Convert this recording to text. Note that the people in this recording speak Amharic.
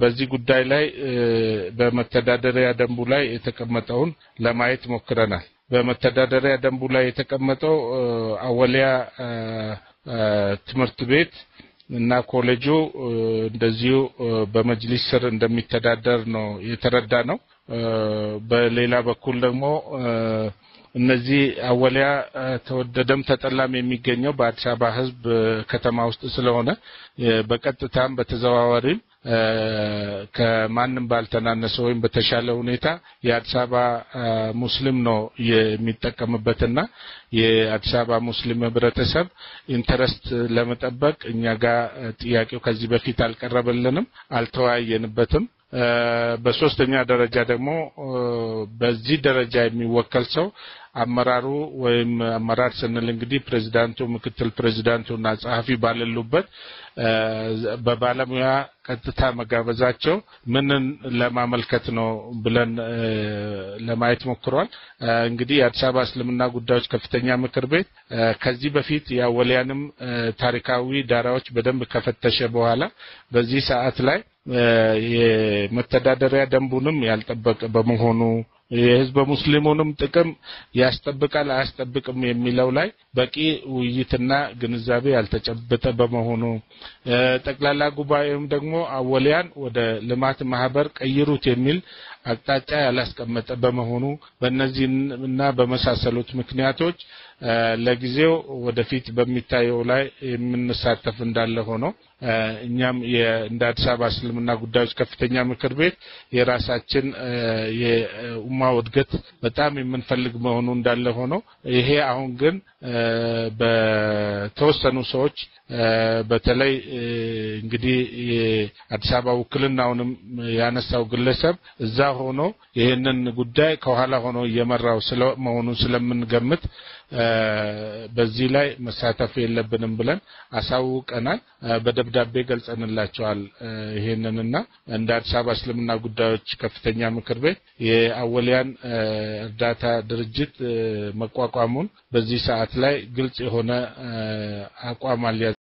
በዚህ ጉዳይ ላይ በመተዳደሪያ ደንቡ ላይ የተቀመጠውን ለማየት ሞክረናል። በመተዳደሪያ ደንቡ ላይ የተቀመጠው አወሊያ ትምህርት ቤት እና ኮሌጁ እንደዚሁ በመጅሊስ ስር እንደሚተዳደር ነው የተረዳ ነው። በሌላ በኩል ደግሞ እነዚህ አወሊያ ተወደደም ተጠላም የሚገኘው በአዲስ አበባ ሕዝብ ከተማ ውስጥ ስለሆነ በቀጥታም በተዘዋዋሪም ከማንም ባልተናነሰ ወይም በተሻለ ሁኔታ የአዲስ አበባ ሙስሊም ነው የሚጠቀምበትና የአዲስ አበባ ሙስሊም ህብረተሰብ ኢንተረስት ለመጠበቅ እኛ ጋር ጥያቄው ከዚህ በፊት አልቀረበልንም፣ አልተወያየንበትም። በሶስተኛ ደረጃ ደግሞ በዚህ ደረጃ የሚወከል ሰው አመራሩ ወይም አመራር ስንል እንግዲህ ፕሬዚዳንቱ፣ ምክትል ፕሬዚዳንቱ እና ጸሐፊ ባለሉበት በባለሙያ ቀጥታ መጋበዛቸው ምንን ለማመልከት ነው ብለን ለማየት ሞክሯል። እንግዲህ የአዲስ አበባ እስልምና ጉዳዮች ከፍተኛ ምክር ቤት ከዚህ በፊት የአወሊያንም ታሪካዊ ዳራዎች በደንብ ከፈተሸ በኋላ በዚህ ሰዓት ላይ የመተዳደሪያ ደንቡንም ያልጠበቀ በመሆኑ የህዝበ ሙስሊሙንም ጥቅም ያስጠብቃል አያስጠብቅም የሚለው ላይ በቂ ውይይትና ግንዛቤ ያልተጨበጠ በመሆኑ ጠቅላላ ጉባኤም ደግሞ አወሊያን ወደ ልማት ማህበር ቀይሩት የሚል አቅጣጫ ያላስቀመጠ በመሆኑ በእነዚህ እና በመሳሰሉት ምክንያቶች ለጊዜው ወደፊት በሚታየው ላይ የምንሳተፍ እንዳለ ሆኖ እኛም እንደ አዲስ አበባ እስልምና ጉዳዮች ከፍተኛ ምክር ቤት የራሳችን ጥቅማ እድገት በጣም የምንፈልግ መሆኑ እንዳለ ሆኖ ይሄ አሁን ግን የተወሰኑ ሰዎች በተለይ እንግዲህ የአዲስ አበባ ውክልናውንም ያነሳው ግለሰብ እዛ ሆኖ ይህንን ጉዳይ ከኋላ ሆኖ እየመራው መሆኑን ስለምንገምት በዚህ ላይ መሳተፍ የለብንም ብለን አሳውቀናል። በደብዳቤ ገልጸንላቸዋል። ይህንንና እንደ አዲስ አበባ እስልምና ጉዳዮች ከፍተኛ ምክር ቤት የአወሊያን እርዳታ ድርጅት መቋቋሙን በዚህ ሰዓት ላይ ግልጽ የሆነ É, a, a malha